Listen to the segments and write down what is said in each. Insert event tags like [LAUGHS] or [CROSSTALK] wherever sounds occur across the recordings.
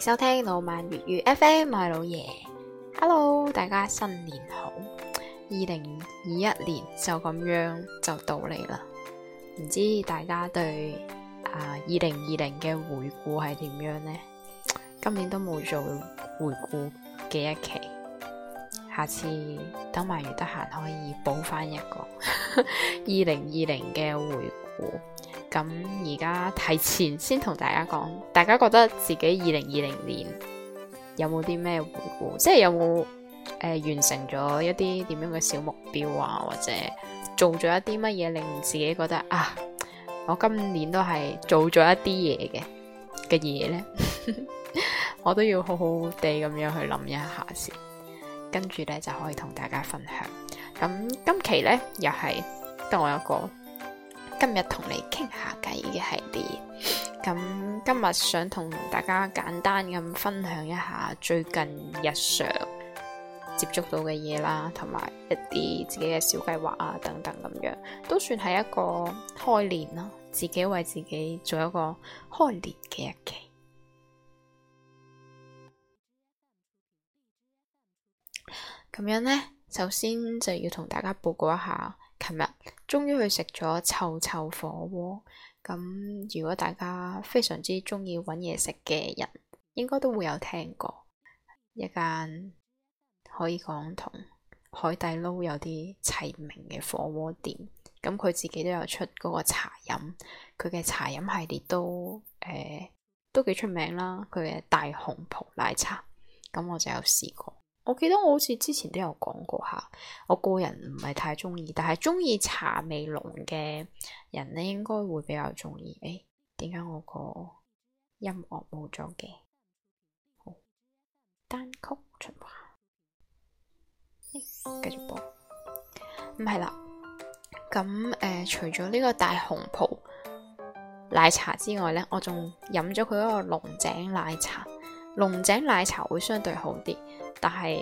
收聽老萬粵語 FM，我係老爺。Hello，大家新年好。二零二一年就咁樣就到嚟啦。唔知大家對啊二零二零嘅回顧係點樣呢？今年都冇做回顧嘅一期，下次等埋月得閒可以補翻一個二零二零嘅回顧。咁而家提前先同大家講，大家覺得自己二零二零年有冇啲咩回顧？即係有冇誒、呃、完成咗一啲點樣嘅小目標啊？或者做咗一啲乜嘢令自己覺得啊，我今年都係做咗一啲嘢嘅嘅嘢呢？ [LAUGHS] 我都要好好地咁樣去諗一下先，跟住呢，就可以同大家分享。咁今期呢，又係得我一個。今日同你傾下偈嘅系列，咁今日想同大家簡單咁分享一下最近日常接觸到嘅嘢啦，同埋一啲自己嘅小計劃啊等等咁樣，都算係一個開年咯，自己為自己做一個開年嘅一期。咁樣呢，首先就要同大家報告一下。琴日終於去食咗臭臭火鍋，咁如果大家非常之鍾意揾嘢食嘅人，應該都會有聽過一間可以講同海底撈有啲齊名嘅火鍋店，咁佢自己都有出嗰個茶飲，佢嘅茶飲系列都誒、呃、都幾出名啦，佢嘅大紅袍奶茶，咁我就有試過。我記得我好似之前都有講過下，我個人唔係太中意，但係中意茶味濃嘅人咧，應該會比較中意。誒，點解我個音樂冇咗嘅？好，單曲循環，繼續播。唔係啦，咁誒、呃，除咗呢個大紅袍奶茶之外呢，我仲飲咗佢嗰個龍井奶茶。龍井奶茶會相對好啲，但係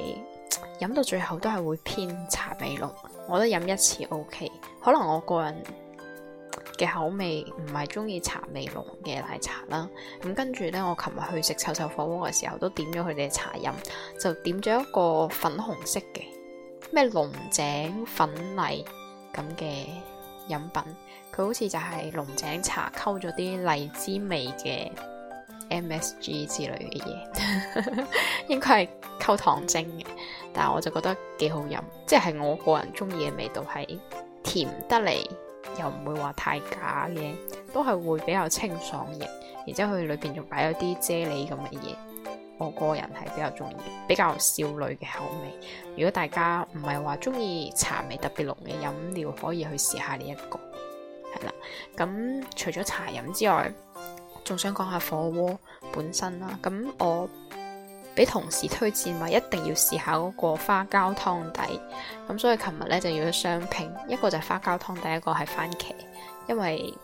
飲到最後都係會偏茶味濃。我覺得飲一次 OK，可能我個人嘅口味唔係中意茶味濃嘅奶茶啦。咁跟住呢，我琴日去食臭臭火鍋嘅時候，都點咗佢哋茶飲，就點咗一個粉紅色嘅咩龍井粉荔咁嘅飲品，佢好似就係龍井茶溝咗啲荔枝味嘅。MSG 之類嘅嘢， [LAUGHS] 應該係溝糖精嘅，但係我就覺得幾好飲，即係我個人中意嘅味道係甜得嚟，又唔會話太假嘅，都係會比較清爽嘅。然之後佢裏邊仲擺咗啲啫喱咁嘅嘢，我個人係比較中意，比較少女嘅口味。如果大家唔係話中意茶味特別濃嘅飲料，可以去試下呢一個，係啦。咁除咗茶飲之外，仲想講下火鍋本身啦，咁我俾同事推薦話一定要試下嗰個花膠湯底，咁所以琴日咧就要咗雙拼，一個就係花膠湯底，一個係番茄，因為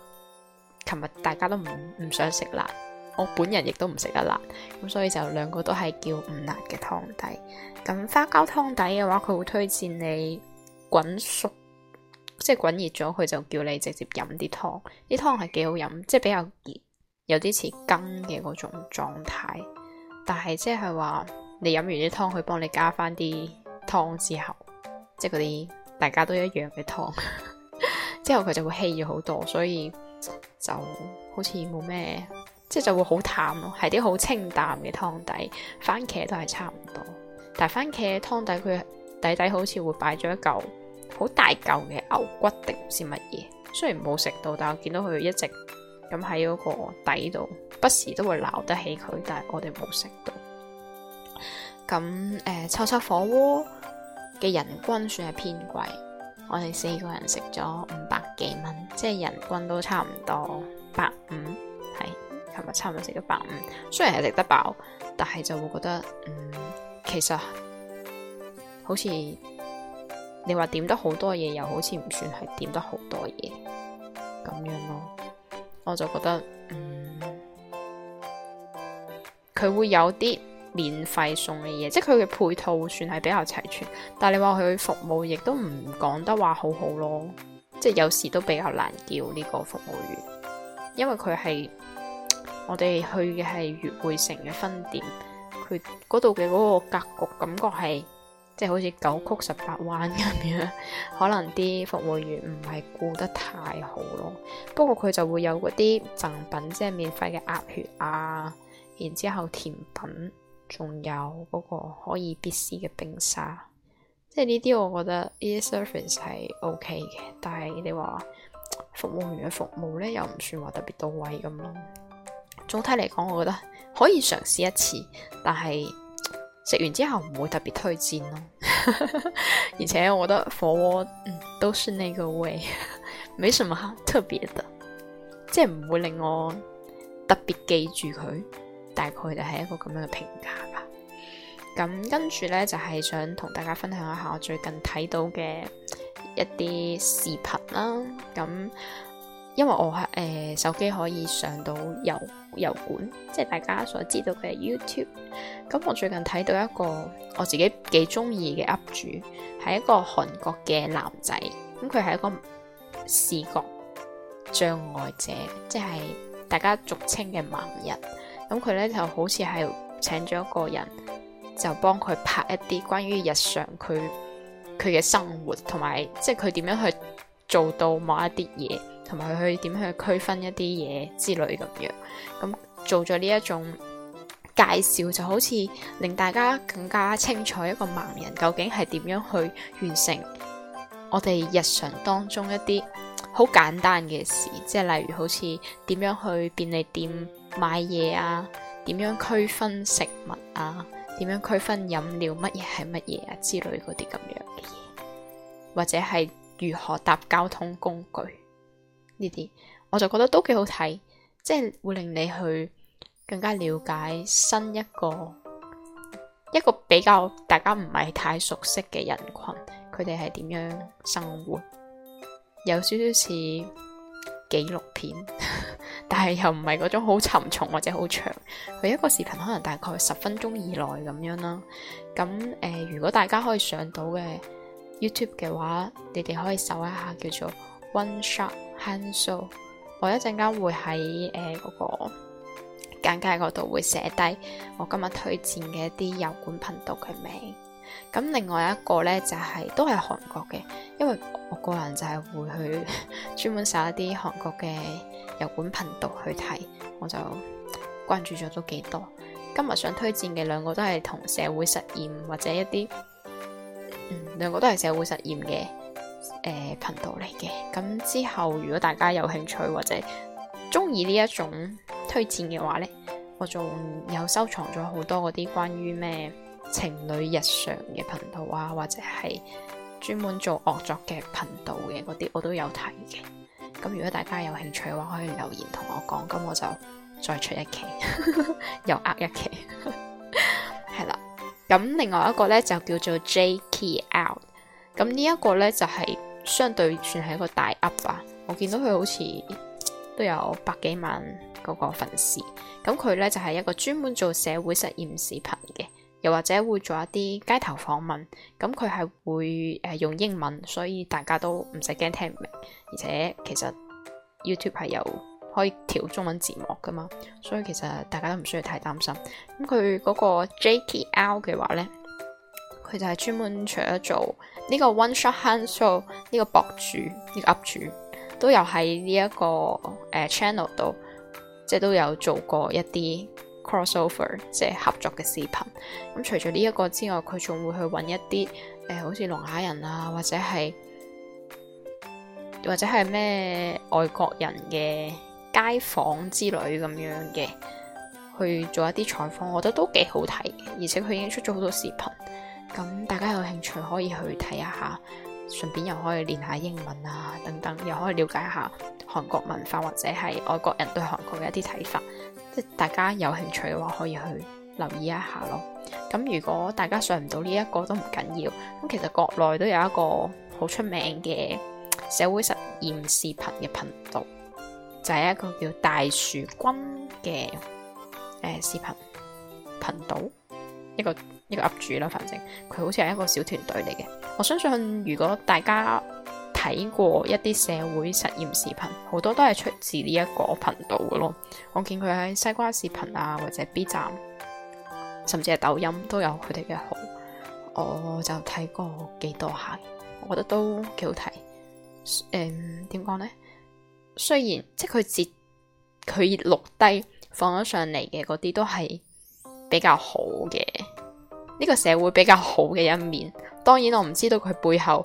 琴日大家都唔唔想食辣，我本人亦都唔食得辣，咁所以就兩個都係叫唔辣嘅湯底。咁花膠湯底嘅話，佢會推薦你滾熟，即係滾熱咗，佢就叫你直接飲啲湯，啲湯係幾好飲，即係比較熱。有啲似羹嘅嗰種狀態，但係即係話你飲完啲湯，佢幫你加翻啲湯之後，即係嗰啲大家都一樣嘅湯之後，佢就會稀咗好多，所以就好似冇咩，即係就會好淡咯，係啲好清淡嘅湯底。番茄都係差唔多，但係番茄嘅湯底佢底底好似會擺咗一嚿好大嚿嘅牛骨定唔知乜嘢。雖然冇食到，但我見到佢一直。咁喺嗰個底度，不時都會鬧得起佢，但係我哋冇食到。咁誒，湊、呃、湊火鍋嘅人均算係偏貴，我哋四個人食咗五百幾蚊，即係人均都差唔多百五。係琴日差唔多食咗百五，雖然係食得飽，但係就會覺得，嗯，其實好似你話點得好多嘢，又好似唔算係點得好多嘢咁樣咯。我就覺得，嗯，佢會有啲免費送嘅嘢，即係佢嘅配套算係比較齊全，但係你話佢服務亦都唔講得話好好咯，即係有時都比較難叫呢個服務員，因為佢係我哋去嘅係月匯城嘅分店，佢嗰度嘅嗰個格局感覺係。即係好似九曲十八彎咁樣，可能啲服務員唔係顧得太好咯。不過佢就會有嗰啲贈品，即係免費嘅鴨血啊，然之後甜品，仲有嗰個可以必試嘅冰沙。即係呢啲我覺得呢啲 service 係 OK 嘅，但係你話服務員嘅服務呢，又唔算話特別到位咁咯。總體嚟講，我覺得可以嘗試一次，但係。食完之後唔會特別推薦咯， [LAUGHS] 而且我覺得火鍋、嗯、都是那個味， [LAUGHS] 沒什麼特別的，即係唔會令我特別記住佢，大概就係一個咁樣嘅評價吧。咁跟住呢，就係、是、想同大家分享一下我最近睇到嘅一啲視頻啦，咁。因為我係誒、呃、手機可以上到油油管，即係大家所知道佢嘅 YouTube。咁、嗯、我最近睇到一個我自己幾中意嘅 up 主，係一個韓國嘅男仔。咁佢係一個視覺障礙者，即係大家俗稱嘅盲人。咁佢咧就好似係請咗一個人就幫佢拍一啲關於日常佢佢嘅生活，同埋即係佢點樣去做到某一啲嘢。同埋佢去點樣去區分一啲嘢之類咁樣，咁做咗呢一種介紹，就好似令大家更加清楚一個盲人究竟係點樣去完成我哋日常當中一啲好簡單嘅事，即係例如好似點樣去便利店買嘢啊，點樣區分食物啊，點樣區分飲料乜嘢係乜嘢啊之類嗰啲咁樣嘅嘢，或者係如何搭交通工具。呢啲我就覺得都幾好睇，即係會令你去更加了解新一個一個比較大家唔係太熟悉嘅人群，佢哋係點樣生活，有少少似紀錄片， [LAUGHS] 但係又唔係嗰種好沉重或者好長，佢一個視頻可能大概十分鐘以內咁樣啦。咁誒、呃，如果大家可以上到嘅 YouTube 嘅話，你哋可以搜一下叫做 One Shot Hansol，我一陣、呃那個、間會喺誒嗰個簡介嗰度會寫低我今日推薦嘅一啲油管頻道嘅名。咁另外一個呢，就係、是、都係韓國嘅，因為我個人就係會去呵呵專門寫一啲韓國嘅油管頻道去睇，我就關注咗都幾多。今日想推薦嘅兩個都係同社會實驗或者一啲、嗯，兩個都係社會實驗嘅。誒，頻、呃、道嚟嘅，咁之後如果大家有興趣或者中意呢一種推薦嘅話呢，我仲有收藏咗好多嗰啲關於咩情侶日常嘅頻道啊，或者係專門做惡作嘅頻道嘅嗰啲，我都有睇嘅。咁如果大家有興趣嘅話，可以留言同我講，咁我就再出一期， [LAUGHS] 又呃一期，係 [LAUGHS] 啦。咁另外一個呢，就叫做 jaykeeout。咁呢一個呢，就係、是。相對算係一個大 up 啊！我見到佢好似都有百幾萬嗰個粉絲，咁佢呢就係、是、一個專門做社會實驗視頻嘅，又或者會做一啲街頭訪問，咁佢係會誒、呃、用英文，所以大家都唔使驚聽唔明，而且其實 YouTube 係有可以調中文字幕噶嘛，所以其實大家都唔需要太擔心。咁佢嗰個 JKL 嘅話呢。佢就係專門除咗做呢個 One Shot Hansol 呢個博主，呢個 up 主，都有喺呢一個誒 channel 度，即係都有做過一啲 cross over 即係合作嘅視頻。咁除咗呢一個之外，佢仲會去揾一啲誒、欸，好似聾啞人啊，或者係或者係咩外國人嘅街訪之類咁樣嘅去做一啲採訪，我覺得都幾好睇。而且佢已經出咗好多視頻。咁大家有興趣可以去睇一下，順便又可以練下英文啊，等等，又可以了解下韓國文化或者係外國人對韓國嘅一啲睇法，即大家有興趣嘅話可以去留意一下咯。咁如果大家上唔到呢一個都唔緊要，要，咁其實國內都有一個好出名嘅社會實驗視頻嘅頻道，就係、是、一個叫大樹君嘅誒、呃、視頻頻道，一個。一個 up 主啦，反正佢好似係一個小團隊嚟嘅。我相信如果大家睇過一啲社會實驗視頻，好多都係出自呢一個頻道嘅咯。我見佢喺西瓜視頻啊，或者 B 站，甚至係抖音都有佢哋嘅號。我就睇過幾多下，我覺得都幾好睇。誒、嗯，點講呢？雖然即係佢截佢錄低放咗上嚟嘅嗰啲都係比較好嘅。呢個社會比較好嘅一面，當然我唔知道佢背後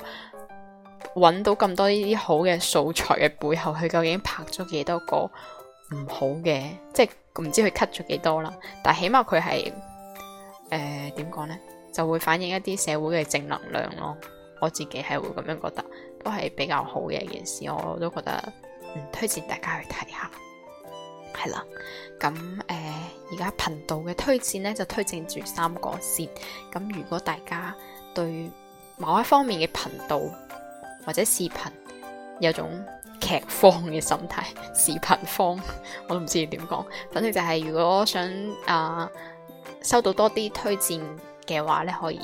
揾到咁多呢啲好嘅素材嘅背後，佢究竟拍咗幾多個唔好嘅，即係唔知佢 cut 咗幾多啦。但起碼佢係誒點講呢，就會反映一啲社會嘅正能量咯。我自己係會咁樣覺得，都係比較好嘅一件事，我都覺得嗯推薦大家去睇下。係啦，咁誒，而家頻道嘅推薦呢，就推薦住三個先。咁如果大家對某一方面嘅頻道或者視頻有種劇荒嘅心態，視頻荒， [LAUGHS] 我都唔知點講。反正就係如果想啊、呃、收到多啲推薦嘅話呢，可以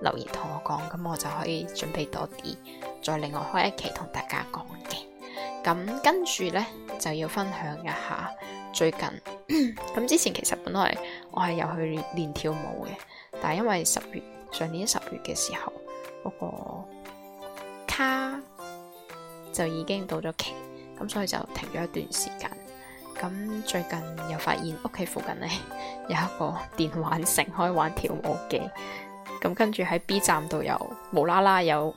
留言同我講，咁我就可以準備多啲，再另外開一期同大家講嘅。咁跟住呢，就要分享一下最近。咁之前其實本來我係有去練，練跳舞嘅，但係因為十月上年十月嘅時候，嗰、那個卡就已經到咗期，咁所以就停咗一段時間。咁最近又發現屋企附近呢，有一個電玩城可以玩跳舞機，咁跟住喺 B 站度又無啦啦有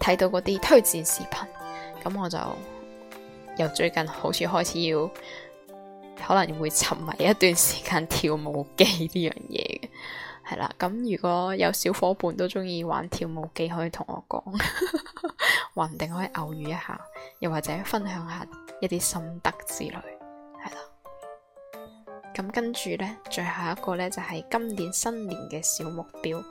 睇到嗰啲推薦視頻。咁我就由最近好似開始要，可能會沉迷一段時間跳舞機呢樣嘢嘅，係啦。咁如果有小伙伴都鍾意玩跳舞機，可以同我講，話 [LAUGHS] 唔定可以偶遇一下，又或者分享下一啲心得之類，係啦。咁跟住咧，最後一個咧就係、是、今年新年嘅小目標。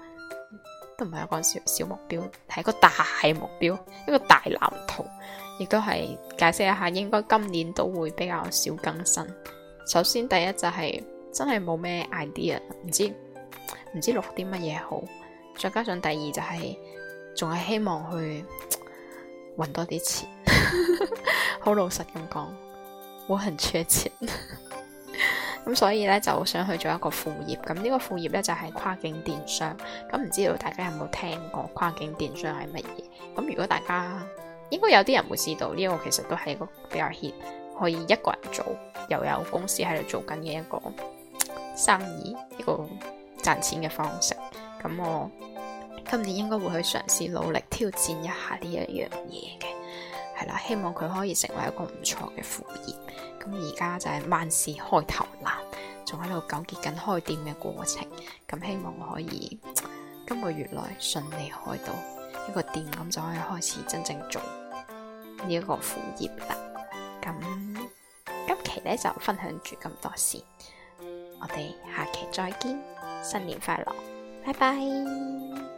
都唔係一個小小目標，係一個大目標，一個大藍圖，亦都係解釋一下，應該今年都會比較少更新。首先，第一就係、是、真係冇咩 idea，唔知唔知錄啲乜嘢好。再加上第二就係仲係希望去揾多啲錢，好 [LAUGHS] 老實咁講，我很缺錢。 [LAUGHS] 咁所以咧就想去做一個副業，咁呢個副業咧就係、是、跨境電商，咁唔知道大家有冇聽過跨境電商係乜嘢？咁如果大家應該有啲人會知道呢、這個，其實都係一個比較 hit，可以一個人做，又有公司喺度做緊嘅一個生意，一個賺錢嘅方式。咁我今年應該會去嘗試努力挑戰一下呢一樣嘢嘅，係啦，希望佢可以成為一個唔錯嘅副業。咁而家就係萬事開頭難，仲喺度糾結緊開店嘅過程。咁希望可以今個月內順利開到一個店，咁就可以開始真正做呢一個副業啦。咁今期咧就分享住咁多事，我哋下期再見，新年快樂，拜拜。